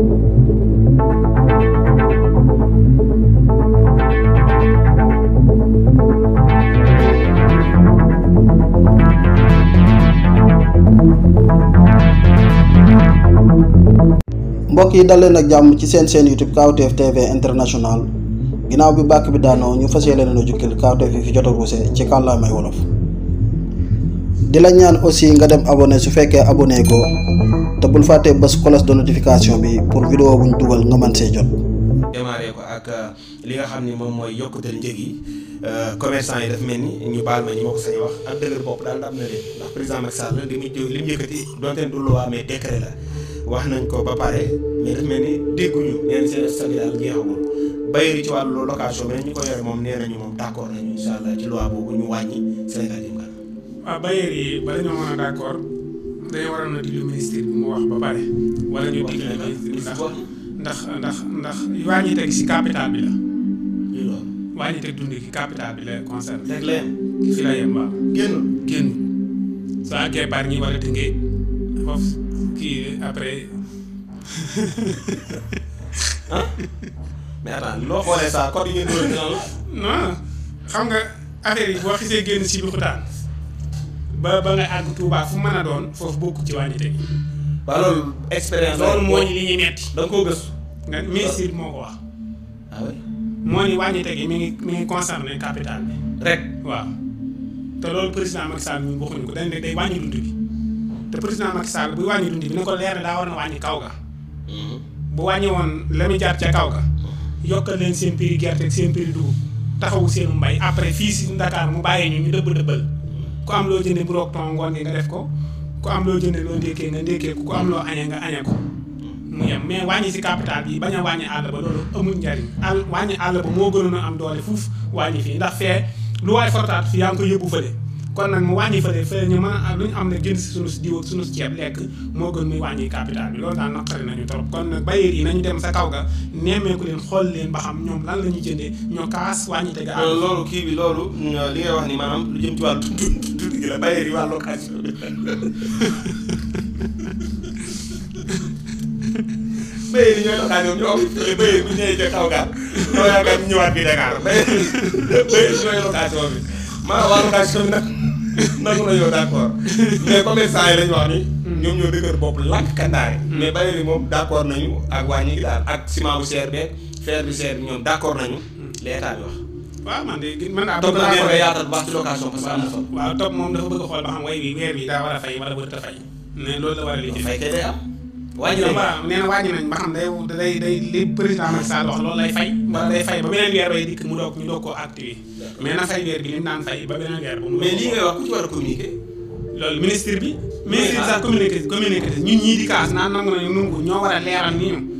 mbokk yi dal leen ak jàmm ci seen seen YouTube Kawtef TV international ginnaaw bi bàkk bi daanoo ñu fas yéene na jukkil Kawtef yi fi jot a ci kàllaamay wolof di lañ ñaan aussi nga dem abonné su fekkee abonné ko te bul fàtte bés cloche de notification bi pour vidéo buñ dugal nga man see jot. démarré ko ak euh, li nga xam ni moom mooy yokkutal njëg yi euh, commerçant yi daf mel ni ñu baal ma ñu ma wax ak dëgër bopp am na leen ndax li muy li mu yëkkati donte du loi mais la wax nañ ko ba pare mais daf mel ni dégguñu nee na seen stock daal jeexagul bayri ci wàllu location mais ñu ko yore moom nee nañu moom d'accord nañu incha allah ci loi boobu ñu wàññi Sénégal yi. ah bailleurs bala ñoo mën a d' accord day waroon a diglu ministre bi mu wax ba pare. wala ñu diglu ministre ndax ndax ndax ndax waa ñuy teg si capital bi ki capital bi la concerné. rek la yem fi la yem waaw. génn génn. soo a tënkee loo xoolee ça code xam nga affaire yi boo xisee génn si bi xutaan ba ba ngay àgg Touba fu mën a doon foofu bokk ci wàññi teg. waaw loolu loolu moo ñu li ñuy metti da koo gëstu. nga ministre moo ko wax. ah oui moo ni wàññi teg yi mi ngi mi ngi concerné capital bi. rek waaw. te loolu président Macky Sall ñun waxuñu ko dañ de day wàññi dund bi te président Macky Sall buy wàññi dund ko leer daa war na wàññi kaw ga. Mm-hmm. bu wàññi woon la muy jaar ca kaw ga. yokkal leen seen prix gerte ak seen prix dugub taxawu seen mbay après fii si Dakar mu bàyyee ñu ñu dëbb dëbbal. ku am loo jëndee bu roog ton ngoon ko ku am loo jëndee loo ndékkee nga ndékkee ko ku am loo añee nga añee ko mu yem si capital bi bañ a wàññi àll ba loolu amul njariñ àll wàññi àll ba moo gënoon a am fii ndax fee lu waay fortaat fii yaa ngi kon nag mu wàññi fële fële ñu mën a lu ñu am ne jënd si sunu diw ak sunu ceeb lekk moo gën muy wàññi capital bi loolu daal naqari nañu trop kon nag bayeer yi nañu dem sa kaw ga nemmeeku leen xool leen ba xam ñoom lan la ñuy jëndee ñoo kaas wàññi te loolu kii bi loolu mm, li ngay wax ni maanaam lu jëm ci wàllu la bayeri waa location bi bayeri ñooy location ñoo bayeri bu ñëwee ca kaw gaal ñoo yaakaar ñu ñëwaat bi Dakar bayeri bayeri ñooy location bi maa waa location bi nag nangu na yow d' accord mais commerçant yi lañu wax ni. ñoom ñoo dëgër bopp lànk kandaare. mais bayeri moom d' accord nañu ak waa ñi ngi daal ak ciment bu cher beeg fer bu cher bi ñoom d' accord nañu. waaw man de man ah. topp naa ko yaatal baax ci location parce que na solo. waaw topp moom dafa bëgg a xool ba xam way bi weer bi daa war a fay wala warut a fay. a am. wàññi nañ waaw nee na wàññi nañ ba xam day day wax loolu lay fay. ba beneen weer bay dikk mu doog ñu doog koo activé. mais na fay weer bi li mu fay ba beneen weer. bu mais lii ngay wax ku ci war a communiquer. loolu ministre bi. ministre bi ah. sax communiqué communiqué ñun ñii di kaas naan nangu nañu nangu ñoo war a leeral nii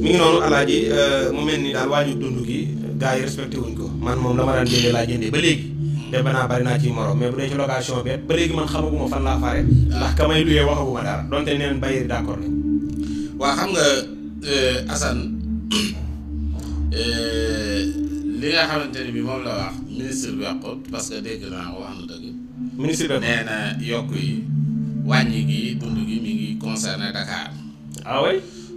mi ngi noonu alaaji euh, mu mel ni daal waaju dund gi gars yi respecté wuñ ko man moom dama daan jëndee laa jëndee ba léegi de banaa bari naa ci morom mais bu dee ci location bi ba léegi man xamaguma fan laa fare ndax kamay luyee waxaguma dara donte neen bàyyir d'accord nañ waa xam nga euh, Assane euh, li nga xamante ne bi moom la wax ministre bi wax parce que dégg naa wax na dëgg ministre bi nee yokk yi wàññi gi dund gi mi ngi concerné Dakar ah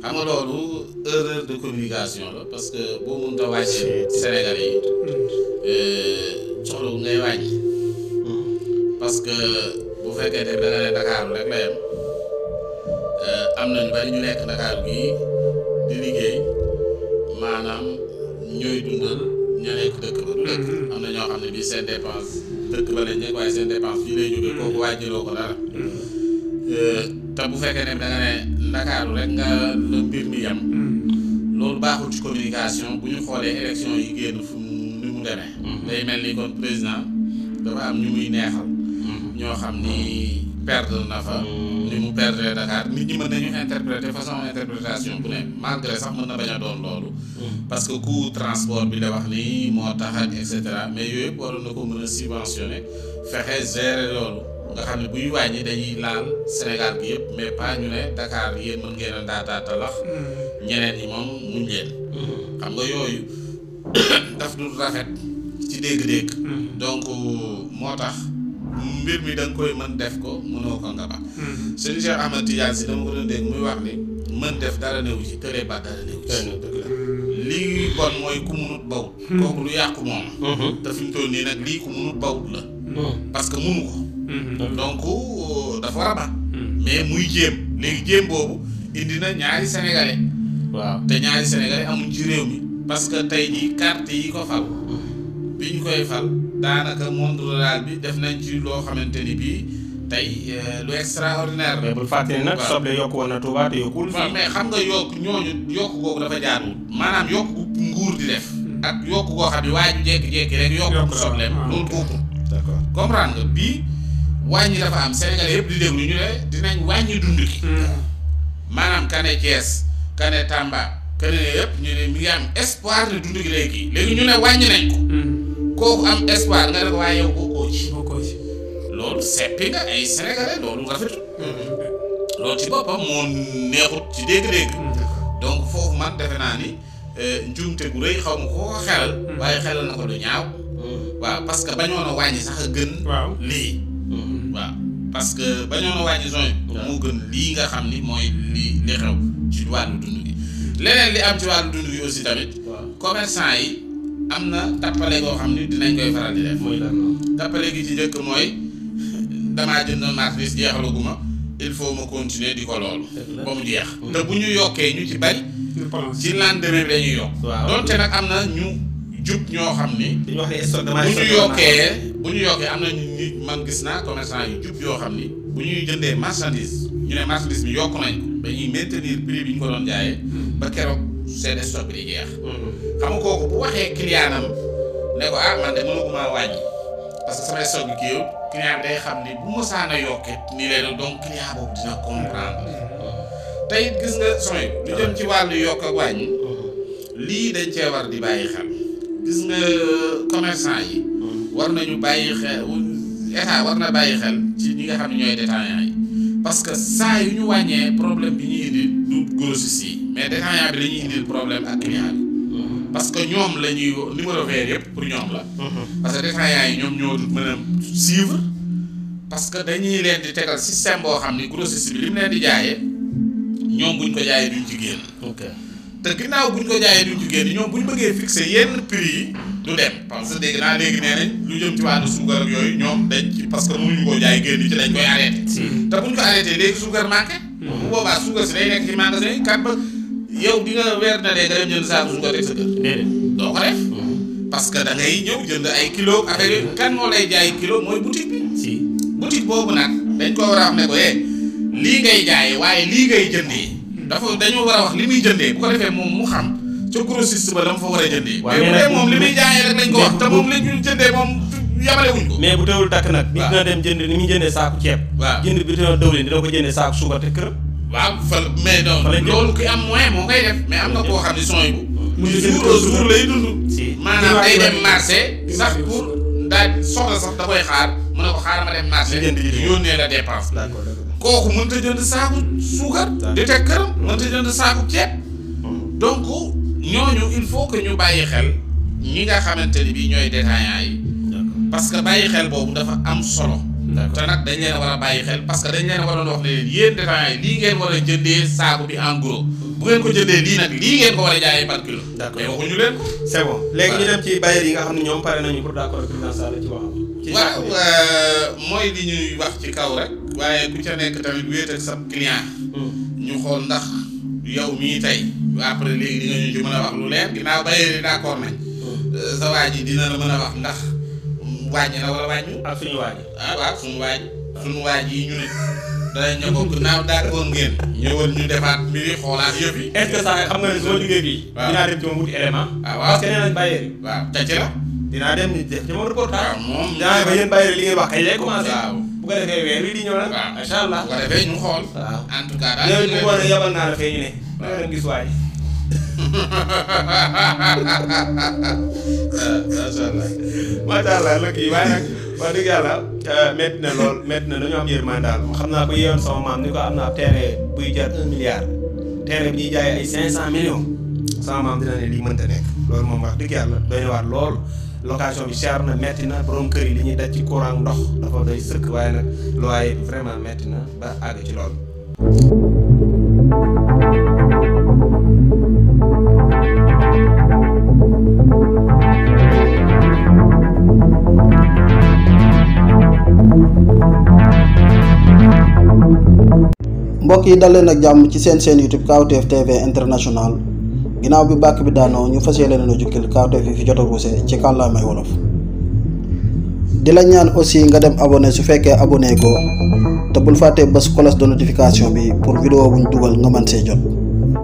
erreur de communication parce que boo mënta wàccee Sénégalais mm. euh mm. parce que bu vous té da Dakar rek la euh amna ñu bari ñu Dakar bi di liggéey manam ñoy dundal du dëkk mm-hmm. dépenses lay ko dara mm-hmm. euh, ta bu vous da nga né Ndakaaru rek nga le mbir mi yem hmm. loolu baaxul ci communication buñu xolé xoolee élection yi génn fu ni mu demee hmm. day melni ni kon président dafa am ñu muy neexal hmm. ño xamni perdre na fa ni mu perdre Dakar nit ñi mën nañu interpréter façon interprétation bu ne malgré sax mën na bañ doon lolu parce que coût transport bi la wax ni moo tax ak et cetera mais yoyep yëpp waroon na ko mëna a subventionner fexe gérer lolu nga xam ne buy wàññi dañuy laal Sénégal bi yëpp mais pas ñu ne Dakar yéen mën ngeen a ndaataata lax mm-hmm. ñeneen ñi moom muñ leen mm-hmm. xam nga yooyu daf du rafet ci dégg-dégg mm-hmm. donc moo tax mbir mi da nga koy mën def ko mënoo ko nga ba def dara ci tëree ba dara kooku lu yàqu moom te mu toll nii nag lii ku munut bawut la parce munu ko Mhm. donc dafa war a ba mais muy jéem léegi jéem boobu indi na ñaari sénégalais. waaw te ñaari sénégalais amuñ ci réew mi. parce que tey jii carte yi ko fal. bi ñu koy fal daanaka monde rural bi def nañ ci loo xamante ni bii tey euh, lu extraordinaire. mais bul fàtte nag soble yokku woon na Touba te yokkul. fii mais xam nga yokk ñooñu yokk googu dafa jaaduwul. maanaam yokk nguur di def. Mhm. ak yokk goo xam ne waa ju jékki-jékki rek yokk. soble loolu ah, bokkul. d'accord nga bii. wàññi dafa am Sénégalais yëpp di déglu ñu ne dinañ wàññi dund gi. Hmm. maanaam kane Thiès kane Tamba kane yëpp ñu ne mi ngi am espoir ne dund gi léegi léegi ñu ne wàññi nañ ko. Hmm. kooku am espoir nga ne ko waaye yow bokkoo ci. ci loolu seppi nga ay Sénégalais loolu rafetul. Hmm. loolu ci boppam moo neexut ci dégg-dégg. donc foofu man defe naa ni euh, njumte gu rëy xaw ma ko ko xelal. waaye xelal na ko du ñaaw. waaw parce que a wàññi sax a gën. waaw lii. Mm, waaw parce que bañoon a wàññi zone bi gën li nga xamni moy li li xew ci wàllu dundu gi leneen li am ci wàllu dundu gi aussi tamit commerçant yi amna na go xamni dinañ koy faral di def mooy lan tappale gi ci njëkk mooy damaa jëndoon marchandise jeexalaguma il faut ma continuer di ko loolu ba mu jeex mm. te bu ñu yokkee ñu ci bari ci lendemain bi dañuy yokk doonte nag am na ñu jup ñoo xamni ni bu ñu yokkee bu ñu yokkee am na ñu man gis naa commerçant yu jub yoo xam ni bu ñuy jëndee marchandise ñu ne marchandise bi yokk nañ ko dañuy maintenir prix bi ñu ko doon jaayee ba keroog seen stock bi di jeex mm-hmm. xam ah, parce que sama stock ni bu mosaan a yokkee nii lay doon donc boobu dina comprendre mm-hmm. tey gis nga sooy lu jëm ci wàllu yokk ak wàññi mm-hmm. lii dañ cee di bàyyi xel gis nga euh, commerçant yi. Hmm. war nañu bàyyi xel état war na bàyyi xel ci ñi nga xam ne ñooy détaillant yi parce que saa yu ñu wàññee problème bi ñuy indi du grossiste yi mais détaillant bi dañuy indil problème ak client bi. Hmm. parce que ñoom la ñuy numéro vert yëpp pour ñoom la. Hmm. parce que détaillant yi ñoom ñoo mën a suivre parce que dañuy leen di tegal système boo xam ni grossiste bi li mu leen di jaayee ñoom buñ ko jaayee duñ ci génn. te ginnaaw bu ñu ko jaayee duñ ci génn ñoom bu ñu bëggee fixer yenn prix yi du dem parce que dégg naa léegi nee lu jëm ci wàllu suukar yooyu ñoom dañ ci parce que mënuñu koo jaay génn ci dañ koy arrêté. Hmm. te bu ñu ko arrêté léegi suukar manqué. Hmm. bu boobaa suukar si day nekk ci magasin yi kat ba yow di nga weer na dee nga dem jënd saaku suukar rek sa doo ko def. Hmm. parce que da ngay ñëw jënd ay kilo affaire yooyu moo lay jaay kilo mooy boutique bi. si boutique boobu nag dañ ko war a eh, lii ngay jaayee waaye lii ngay jëndee. dafa dañoo war a wax li muy jëndee bu ko defee moom mu xam ca grossiste ba dama fa war a jëndee. waaye mais moom li muy jaayee rek lañ ko wax te moom la ñu moom yabale ko. mais bu teewul takk nag. waaw nit dina dem jënd ni muy jëndee saako ceeb. waaw jënd bi dina dawlin dina ko jëndee saako suukar te kër. waaw fa mais donc loolu ki am moyen moo koy def mais am nga koo xam ne son mu jour au jour lay dund. si maanaam day dem marché. sax pour daal soxla sax da koy xaar mën na ko xaar ma dem marché. yónnee la dépense. d'accord kooku mënta jënd saaku suukar di teg këram mënta jënd saaku ceeb hmm. donc ñooñu il faut que ñu bàyyi xel ñi nga xamante ni bii ñooy détaillants yi parce que bàyyi xel boobu dafa am solo te nag dañ leen war a bàyyi xel parce que dañ leen waroon wax ne leen yéen détaillants lii ngeen war a jëndee saaku bi en gros bu ngeen ko jëndee lii nag lii ngeen ko war a jaayee par kilo d'accord mais waxuñu leen ko c'est bon léegi ñu dem ci bailleurs yi nga xam ne ñoom pare nañu pour d'accord président Sall ci waxam waaw euh, mooy li ñuy wax ci kaw rek waaye ku ca nekk tamit wéet ak sab client hmm. ñu xool ndax yow mii tey après léegi di nga ñu ci mën a wax lu leer ginnaaw bayeeri d'accord nañ hmm. euh, sa waa ji dina la mën a wax ndax wàññi na wala wàññu ak ah, suñu waaj ah waaw suñu waaj suñu waaj yi ñu ne danañ ña bokk naaw d'accord ngeen ñëwal ñu defaat mbir yi xoolaat yëpp yi est-ce que ça xam nga ne soo jógee fii dinaa dem ci moom wuti élément ah, waaw parce que nee nañ bayeeri ci la dinaa dem ñu def ci moom reportage. waaw ah, moom dinaa ba yéen bàyyi li ngay wax kay lay commencé. bu ko defee weer wi di ñëw nag. waaw allah bu defee ñu tout a yabal ne. waaw nga gis waay. macha yàlla euh, métti na lool métti na dañoo am yërmande daal xam naa ko yeewoon sama maam ni ko am na ab buy jar un milliard terrain bi ñuy jaay ay cinq sama maam dina ne lii mënta nekk loolu moom wax dëgg yàlla doy na waar lool location bi cher na na borom kër yi li ñuy nag vraiment metti na yi dal leen ak jàmm ci seen seen YouTube Kawtef TV international ginaaw bi bàkk bi daanoo ñu fas yéene na jukkil kaarteef yi fi jot a ruuse ci kàllaamay wolof di la ñaan aussi nga dem abonné su fekkee abonné ko te bul fàtte bés cloche de notification bi pour vidéo buñ dugal nga mën see jot